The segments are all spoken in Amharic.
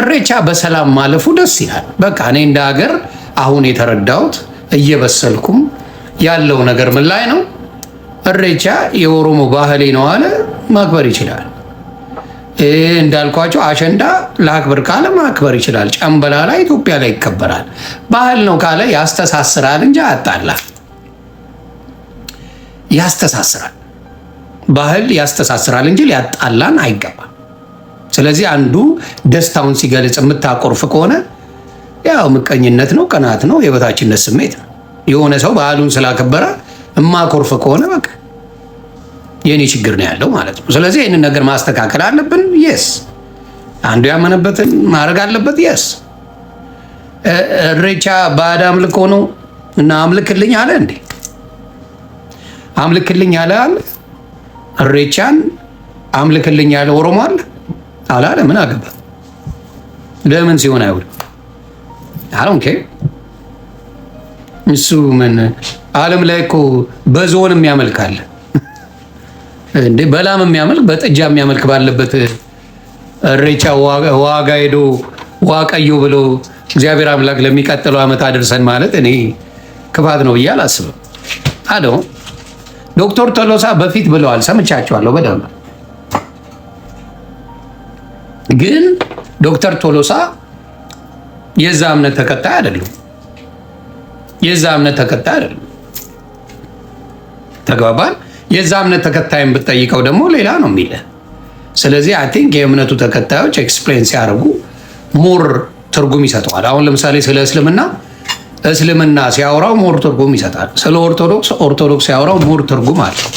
እሬቻ በሰላም ማለፉ ደስ ይላል። በቃ እኔ እንደ ሀገር አሁን የተረዳሁት እየበሰልኩም ያለው ነገር ምን ላይ ነው? እሬቻ የኦሮሞ ባህሌ ነው አለ ማክበር ይችላል። እንዳልኳቸው አሸንዳ ለአክብር ካለ ማክበር ይችላል። ጨንበላ ጨምበላላ ኢትዮጵያ ላይ ይከበራል። ባህል ነው ካለ ያስተሳስራል እንጂ አጣላ ያስተሳስራል። ባህል ያስተሳስራል እንጂ ሊያጣላን አይገባም። ስለዚህ አንዱ ደስታውን ሲገልጽ የምታቆርፍ ከሆነ ያው ምቀኝነት ነው፣ ቀናት ነው፣ የበታችነት ስሜት ነው። የሆነ ሰው ባህሉን ስላከበረ የማቆርፍ ከሆነ በቃ የእኔ ችግር ነው ያለው ማለት ነው። ስለዚህ ይህንን ነገር ማስተካከል አለብን። የስ አንዱ ያመነበትን ማድረግ አለበት። የስ እሬቻ ባዕድ አምልኮ ነው እና አምልክልኝ አለ እንዴ? አምልክልኝ ያለ አለ። እሬቻን አምልክልኝ ያለ ኦሮሞ አለ። አላለ። ምን አገባ? ለምን ሲሆን አይሁድ አሁን እሱ ምን ዓለም ላይ እኮ በዞን የሚያመልካል እንዴ? በላም የሚያመልክ በጥጃ የሚያመልክ ባለበት እሬቻ ዋጋ ሄዶ ዋቀዩ ብሎ እግዚአብሔር አምላክ ለሚቀጥለው ዓመት አድርሰን ማለት እኔ ክፋት ነው ብዬ አላስብም። አደ ዶክተር ቶሎሳ በፊት ብለዋል፣ ሰምቻቸዋለሁ በደንብ ግን ዶክተር ቶሎሳ የዛ እምነት ተከታይ አይደሉም። የዛ እምነት ተከታይ አይደሉም። ተግባባን። የዛ እምነት ተከታይን ብትጠይቀው ደግሞ ሌላ ነው የሚለ። ስለዚህ አይ ቲንክ የእምነቱ ተከታዮች ኤክስፕሌን ሲያደርጉ ሞር ትርጉም ይሰጠዋል። አሁን ለምሳሌ ስለ እስልምና እስልምና ሲያወራው ሞር ትርጉም ይሰጣል። ስለ ኦርቶዶክስ ኦርቶዶክስ ሲያወራው ሞር ትርጉም አለው።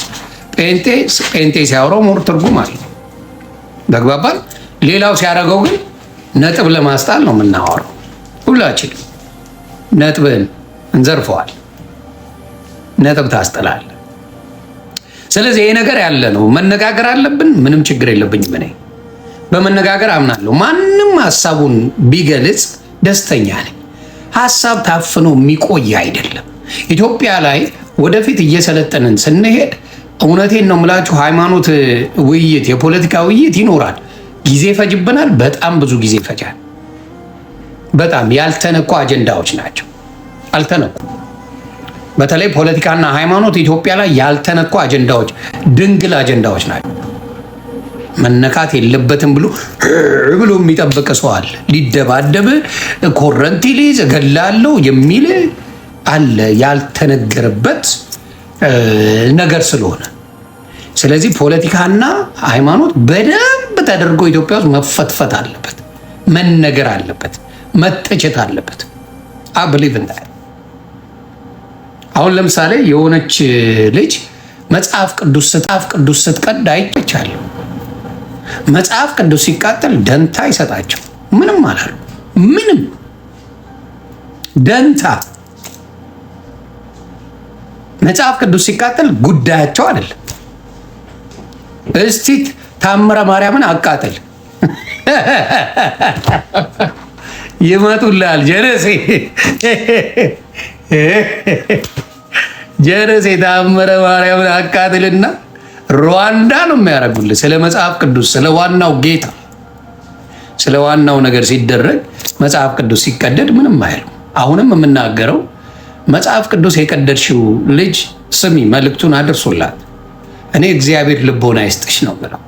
ጴንጤ ጴንጤ ሲያወራው ሞር ትርጉም አለው። ተግባባል። ሌላው ሲያደርገው ግን ነጥብ ለማስጣል ነው የምናወራው። ሁላችንም ነጥብን እንዘርፈዋል። ነጥብ ታስጥላል። ስለዚህ ይሄ ነገር ያለ ነው። መነጋገር አለብን። ምንም ችግር የለብኝም። እኔ በመነጋገር አምናለሁ። ማንም ሀሳቡን ቢገልጽ ደስተኛ ነኝ። ሀሳብ ታፍኖ የሚቆይ አይደለም። ኢትዮጵያ ላይ ወደፊት እየሰለጠንን ስንሄድ እውነቴን ነው የምላችሁ ሃይማኖት ውይይት፣ የፖለቲካ ውይይት ይኖራል። ጊዜ ይፈጅብናል። በጣም ብዙ ጊዜ ይፈጃል። በጣም ያልተነኩ አጀንዳዎች ናቸው። አልተነኩ በተለይ ፖለቲካና ሃይማኖት ኢትዮጵያ ላይ ያልተነኩ አጀንዳዎች፣ ድንግል አጀንዳዎች ናቸው። መነካት የለበትም ብሎ ብሎ የሚጠብቅ ሰው አለ። ሊደባደብ ኮረንቲ ሊይዝ እገላለሁ የሚል አለ ያልተነገረበት ነገር ስለሆነ ስለዚህ ፖለቲካና ሃይማኖት በደንብ ተደርጎ ኢትዮጵያ ውስጥ መፈትፈት አለበት፣ መነገር አለበት፣ መተቸት አለበት። አብሊቭ አሁን ለምሳሌ የሆነች ልጅ መጽሐፍ ቅዱስ ስትፍ ቅዱስ ስትቀድ አይቻለሁ። መጽሐፍ ቅዱስ ሲቃጠል ደንታ ይሰጣቸው ምንም አላሉ። ምንም ደንታ መጽሐፍ ቅዱስ ሲቃጠል ጉዳያቸው አይደለም። እስቲት ታምረ ማርያምን አቃጥል ይመጡላል። ጀነሴ ጀነሴ ታምረ ማርያምን አቃጥልና ሩዋንዳ ነው የሚያደርጉልህ። ስለ መጽሐፍ ቅዱስ ስለ ዋናው ጌታ ስለ ዋናው ነገር ሲደረግ መጽሐፍ ቅዱስ ሲቀደድ ምንም አይልም። አሁንም የምናገረው መጽሐፍ ቅዱስ የቀደድሽው ልጅ ስሚ፣ መልእክቱን አድርሱላት። እኔ እግዚአብሔር ልቦና ይስጥሽ ነው ብለው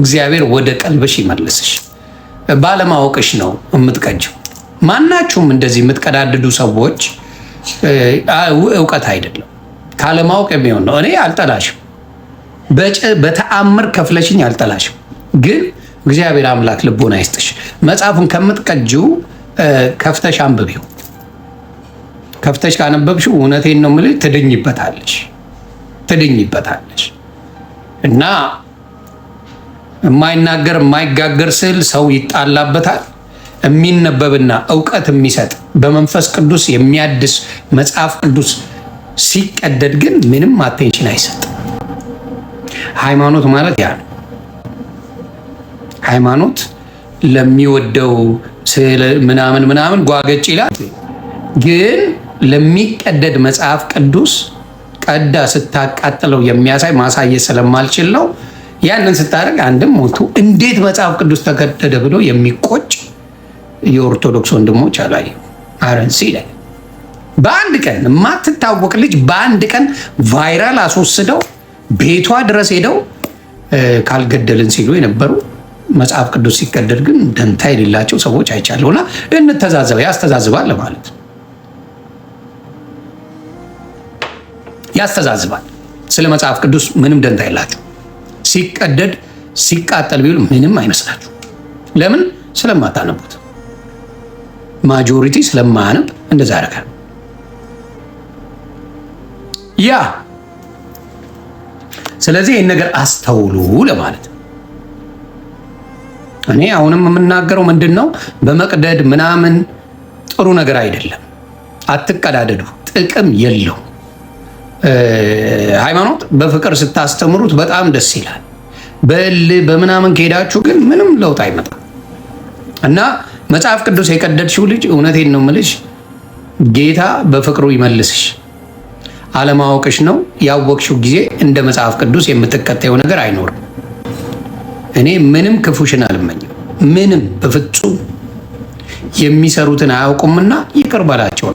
እግዚአብሔር ወደ ቀልብሽ ይመልስሽ። ባለማወቅሽ ነው የምትቀጅው። ማናችሁም እንደዚህ የምትቀዳድዱ ሰዎች እውቀት አይደለም ካለማወቅ የሚሆን ነው። እኔ አልጠላሽም፣ በተአምር ከፍለሽኝ አልጠላሽም። ግን እግዚአብሔር አምላክ ልቦና ይስጥሽ። መጽሐፉን ከምትቀጅው ከፍተሽ አንብቢው። ከፍተሽ ካነበብሽ እውነቴን ነው የምልሽ፣ ትድኝበታለሽ ትድኝበታለሽ እና የማይናገር የማይጋገር ስዕል ሰው ይጣላበታል። የሚነበብና እውቀት የሚሰጥ በመንፈስ ቅዱስ የሚያድስ መጽሐፍ ቅዱስ ሲቀደድ ግን ምንም አቴንሽን አይሰጥ። ሃይማኖት ማለት ያ ነው። ሃይማኖት ለሚወደው ስዕል ምናምን ምናምን ጓገጭ ይላል፣ ግን ለሚቀደድ መጽሐፍ ቅዱስ ቀዳ ስታቃጥለው የሚያሳይ ማሳየት ስለማልችል ነው። ያንን ስታደርግ አንድም ሞቱ እንዴት መጽሐፍ ቅዱስ ተገደደ ብሎ የሚቆጭ የኦርቶዶክስ ወንድሞች አላዩ አረንሲ ላይ በአንድ ቀን የማትታወቅ ልጅ በአንድ ቀን ቫይራል አስወስደው ቤቷ ድረስ ሄደው ካልገደልን ሲሉ የነበሩ መጽሐፍ ቅዱስ ሲቀደድ ግን ደንታ የሌላቸው ሰዎች አይቻለሁ። እና እንተዛዘበ ያስተዛዝባል ለማለት ያስተዛዝባል። ስለ መጽሐፍ ቅዱስ ምንም ደንታ የላቸው ሲቀደድ ሲቃጠል ቢሉ ምንም አይመስላችሁ። ለምን? ስለማታነቡት። ማጆሪቲ ስለማያነብ እንደዛ ያደርጋል። ያ ስለዚህ ይህን ነገር አስተውሉ ለማለት እኔ አሁንም የምናገረው ምንድን ነው፣ በመቅደድ ምናምን ጥሩ ነገር አይደለም። አትቀዳደዱ፣ ጥቅም የለው። ሃይማኖት በፍቅር ስታስተምሩት በጣም ደስ ይላል። በእል በምናምን ከሄዳችሁ ግን ምንም ለውጥ አይመጣም። እና መጽሐፍ ቅዱስ የቀደድሽው ልጅ እውነቴን ነው የምልሽ፣ ጌታ በፍቅሩ ይመልስሽ። አለማወቅሽ ነው። ያወቅሽው ጊዜ እንደ መጽሐፍ ቅዱስ የምትከተየው ነገር አይኖርም። እኔ ምንም ክፉሽን አልመኝም፣ ምንም በፍጹም የሚሰሩትን አያውቁምና ይቅር በላቸው።